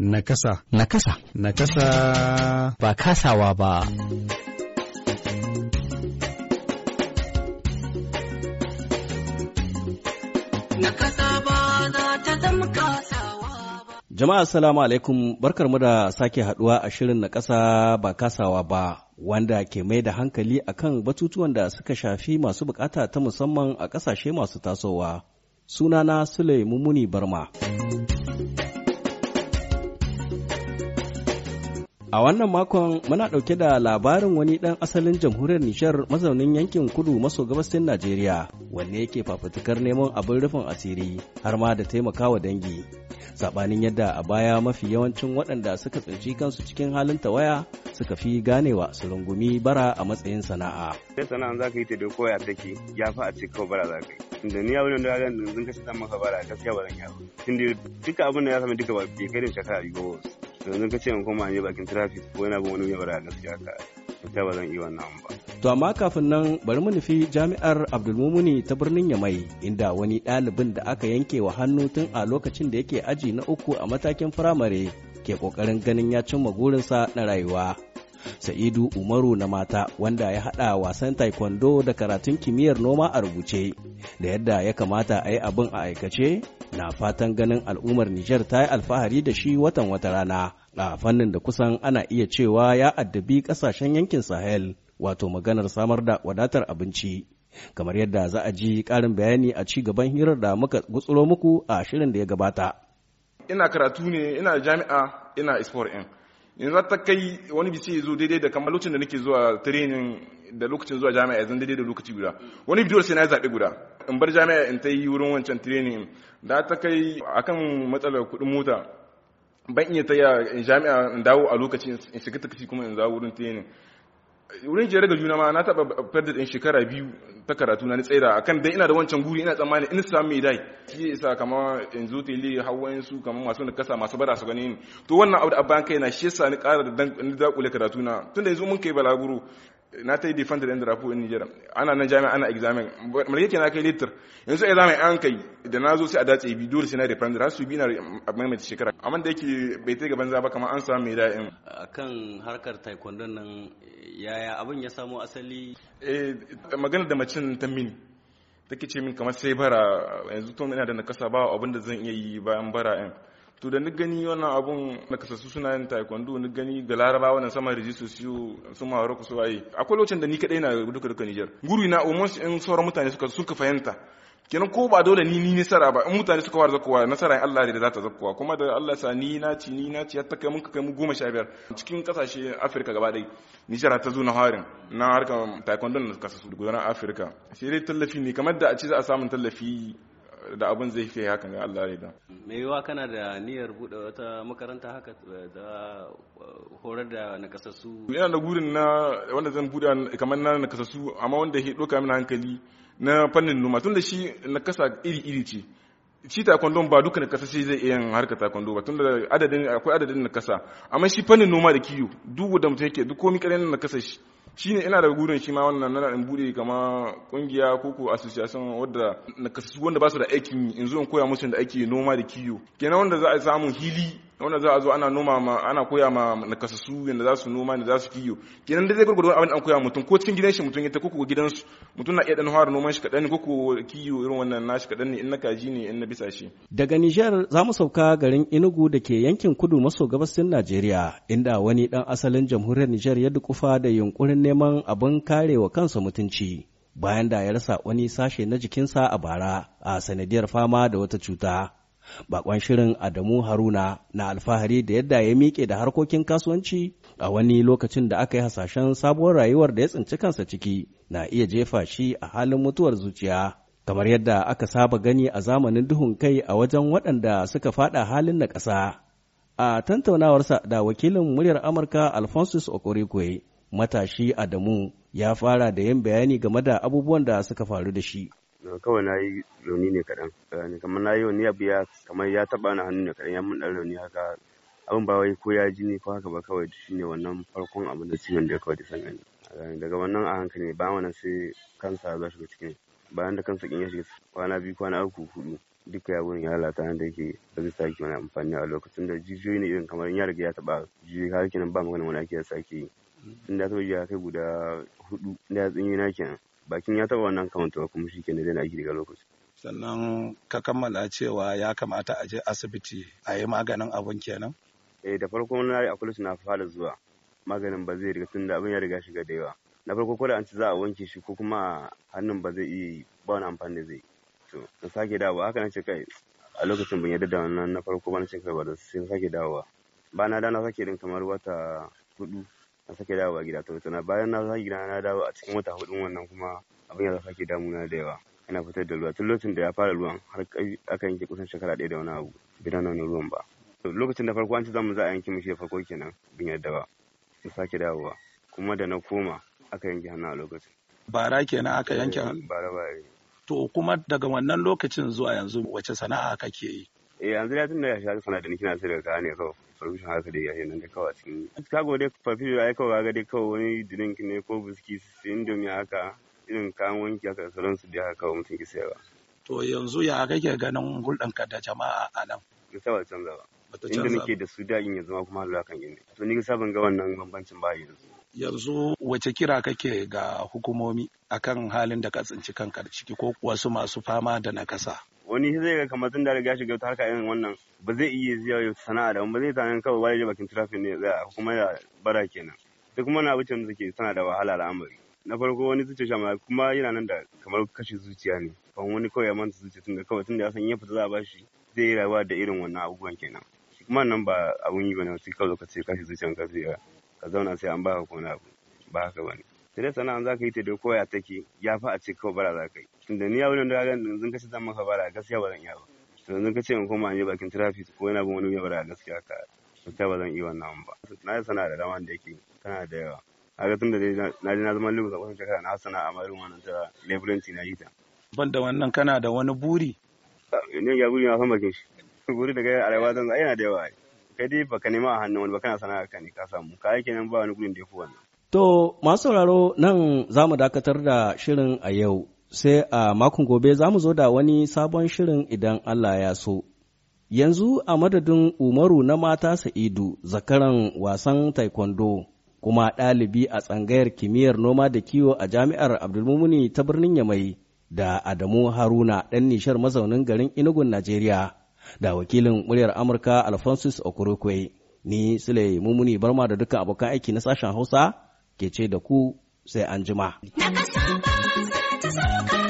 Nakasa. Nakasa. Nakasa. Ba kasawa ba. kasa ba ta zama kasawa ba. Jama'a salamu alaikum barkarmu da sake haduwa a shirin na kasa ba kasawa ba. Wanda ke mai da hankali akan batutuwan da suka shafi masu bukata ta musamman a ƙasashe masu tasowa. Sunana Sule Mumuni Barma. A wannan makon muna ɗauke da labarin wani ɗan asalin jamhuriyar Nishar mazaunin yankin kudu maso gabasin Najeriya wanne yake fafutukar neman abin rufin asiri har ma da taimakawa dangi. Saɓanin yadda a baya mafi yawancin waɗanda suka tsinci kansu cikin halin tawaya suka fi ganewa su rungumi bara a matsayin sana'a. Sai sana'a za ka yi ta dokoya take ya fi a cikin bara za ka yi. da ni abin da ga yanzu kashi zan maka bara gaskiya ba zan yi abu tunda duka abin da ya sami duka ba bai kai da shekara biyu ba yanzu kace in koma ne bakin traffic ko yana bin wani mai bara gaskiya ka ta ba zan yi wannan ba to amma kafin nan bari mu nufi jami'ar Abdulmumuni ta birnin Yamai inda wani ɗalibin da aka yanke wa hannu tun a lokacin da yake aji na uku a matakin firamare ke kokarin ganin ya cimma gurinsa na rayuwa sa'idu umaru na mata wanda ya haɗa wasan taekwondo da karatun kimiyyar noma a rubuce da yadda ya kamata a yi abin a aikace na fatan ganin al'ummar nijar ta yi alfahari da shi watan wata rana a fannin da kusan ana iya cewa ya addabi ƙasashen yankin sahel wato maganar samar da wadatar abinci kamar yadda za a ji ƙarin bayani a ci gaban hirar da muka gutsuro muku a shirin da ya gabata. Ina karatu ne, ina jami'a, ina sport In za ta kai wani bisi ya zo daidai da kamar lokacin da nake zuwa training da lokacin zuwa jami'a yanzu daidai da lokaci guda wani bidiyar sai na yi zaɓe guda in bar jami'a in ta yi wurin wancan training da ta kai akan matsalar kuɗin mota ban iya ta yi jami'a in dawo a lokaci in shiga takasi kuma in za wurin training wurin jere da juna ma na taɓa farda ɗin shekara biyu ta karatu na tsaira a dai ina da wancan guri ina tsammani in samu mai dai shi isa kamar in zo li hawayen su kamar masu da kasa masu bada su gani to wannan abu da abban kai na shi yasa ni ƙara da dan dakule karatu na tunda yanzu mun kai balaguro na ta yi defender da yan drapo in Nigeria ana nan jami'a ana examen ke kenan kai litter yanzu examen an kai da na zo sai a dace bi dole sai na defender har su bi na abin mai shekara amma da yake bai ta gaban zaba kamar an samu mai A kan harkar taekwondo nan yaya abin ya samo asali A eh, magana da macin ta mini take ce min kamar sai bara yanzu to ina da nakasa ba abin da zan iya yi bayan bara ɗin to da ni gani wannan abun na kasasu suna yin taekwondo ni gani da laraba wannan sama rijisu su su maroko su waye akwai lokacin da ni kadai na duka duka Niger guri na almost in sauran mutane suka suka fahimta kenan ko ba dole ni ni nasara ba in mutane suka fara zakkowa nasara in Allah ne da za ta zakkowa kuma da Allah sa ni na ci ni na ci har ta kai mun kai mu goma sha biyar cikin kasashe Africa gaba ɗaya Nijar ta zo na harin na harkan taekwondo na kasasu da gudanar Africa sai dai tallafi ne kamar da a ce za a samu tallafi da abin zai kai hakan ga Allah ya Me yiwa kana da niyyar bude wata makaranta haka eh, da eh, horar da nakasassu ina da gurin na wanda zan bude kamar na nakasassu amma wanda ke doka min hankali na fannin noma tunda shi nakasa iri iri ce shi taekwondo ba duka na zai iya harkar taekwondo ba tunda adadin akwai adadin na kasa amma shi fannin noma da kiyo duk da mutum yake duk komai ƙarfin na kasa shi shine ina da gurin shi ma wannan na in bude kama kungiya ko ko association wadda wanda ba su da aikin yanzu in zo in koya musu da ake noma da kiyo kenan wanda za a samu hili wanda za a zo ana noma ma ana koya ma nakasassu yanda za su noma ne za su kiyo kenan dai zai gurgurdo abin an koya mutum ko cikin gidan shi mutum ya ta koko gidan su mutum na iya dan fara noman shi kadan ne koko kiyo irin wannan nashi kadan ne in na kaji ne in na bisa shi daga Niger za mu sauka garin Enugu da ke yankin kudu maso gabasin Najeriya inda wani dan asalin jamhuriyar Niger ya dukufa da yunkurin neman abin karewa kansa mutunci bayan da ya rasa wani sashe na jikinsa a bara a sanadiyar fama da wata cuta bakon shirin Adamu Haruna na alfahari da yadda ya miƙe da harkokin kasuwanci a wani lokacin da aka yi hasashen sabuwar rayuwar da ya tsinci kansa ciki na iya jefa shi a halin mutuwar zuciya. Kamar yadda aka saba gani a zamanin duhun kai a wajen waɗanda suka faɗa halin na ƙasa. A tantaunawarsa da wakilin muryar Amurka Alphonsus Okorekwe, matashi Adamu ya fara da yin bayani game da abubuwan da suka faru da shi. kawai na yi rauni ne kaɗan kamar na yi wani abu ya kamar ya taɓa na hannu ne kaɗan ya mun ɗan rauni haka abin ba wai ko ya ji ni ko haka ba kawai shi ne wannan farkon abin da ciwon da ya kawai da san gani daga wannan a hankali bayan wannan sai kansa ya shiga cikin bayan da kansa kin ya shiga kwana biyu kwana uku hudu duka ya wurin ya lalata da yake ba zai sake wani amfani a lokacin da jijiyoyi ne irin kamar ya riga ya taɓa jijiyoyi har kenan ba magana wani ake sake yi inda ta ya kai guda hudu da ya tsinyi na kenan bakin ya taba wannan kamanta kuma shi kenan daina aiki daga lokaci sannan ka kammala cewa ya kamata a je asibiti a yi maganin abun kenan eh da farko na yi akulus na fara zuwa maganin ba zai riga tunda abin ya riga shiga da yawa na farko ko da an ci za a wanke shi ko kuma hannun ba zai iya ba wani amfani da zai to na sake dawo haka na ce kai a lokacin ban yadda da wannan na farko ba na ce kai ba da sai na sake dawowa ba na da na sake din kamar wata hudu na sake dawowa gida to na bayan na sake gida na dawo a cikin wata hudun wannan kuma abin ya sake damuna da yawa ina fitar da ruwa tun lokacin da ya fara ruwan har aka yanke kusan shekara ɗaya da wani abu bidan na wani ruwan ba lokacin da farko an ci zamu za a yanke mishi da farko kenan bin yadda ba na sake dawowa kuma da na koma aka yanke hannu a lokacin bara kenan aka yanke eh, hannu bara bara to kuma daga wannan lokacin zuwa yanzu wace sana'a kake yi eh yanzu ya tun da ya shafi sanadin da kina sai daga kawai ne kawai solution haka dai yi nan da kawai cikin Chicago gode fafi ai kawai ga dai kawai wani drink ne ko biski indomie haka irin kayan wanki haka da su da haka kawai mutum ki sayarwa to yanzu ya kake ganin ka da jama'a a nan gaskiya ba canza ba inda nake da su da'in ya zama kuma halala kan gini to ni gaskiya ban ga wannan bambancin ba yanzu yanzu wace kira kake ga hukumomi akan halin da ka tsinci kanka da ciki ko wasu masu fama da nakasa wani zai ga kamar tun da riga shiga ta harka irin wannan ba zai iya zuwa sana'a da ba zai tana kawai ba bakin trafi ne tsaya kuma ya bara kenan duk kuma abu abincin suke tana da wahala al'amari na farko wani zuciya shama kuma yana nan da kamar kashe zuciya ne ban wani kawai ya manta zuciya da kawai tun da ya san ya fita za a bashi zai yi rayuwa da irin wannan abubuwan kenan kuma nan ba abun yi bane sai kawai lokaci ce kashe zuciyan ka zai ka zauna sai an baka kona abu ba haka bane sai dai sana'an za ka yi ta da koya take ya fi a ce kawai bara za ka yi da ni abin da ganin yanzu kace zan maka bara gaskiya ba zan iya ba to yanzu kace in koma ne bakin traffic ko yana bin wani bara gaskiya ka gaskiya ba zan iya wannan ba na yi sana'a da rawan da yake tana da yawa ga tun da na je na zama lugu ka kusan shekara na sana'a a marin wannan ta leburanci na yi ta ban da wannan kana da wani buri ah, ne ya buri na san bakin shi buri daga arewa zan yana da yawa kai dai baka nema a hannun wani ba kana sana'a ka ne ka samu ka aiki nan ba wani gurin da ya fi wannan To, masu sauraro nan za mu dakatar da shirin a yau sai a makon gobe za mu zo da wani sabon shirin idan Allah ya so. Yanzu a madadin Umaru na mata Sa'idu, zakaran wasan taekwondo, kuma ɗalibi a tsangayar kimiyyar noma da kiwo a jami'ar Abdulmumuni ta birnin Yamai, da Adamu Haruna ɗan nishar mazaunin garin Inugun Najeriya, da wakilin muryar Amurka Alphonsus Okurukwe, ni Sule Mumuni Barma da dukkan abokan aiki na sashen Hausa, ke ce da ku sai an jima. solo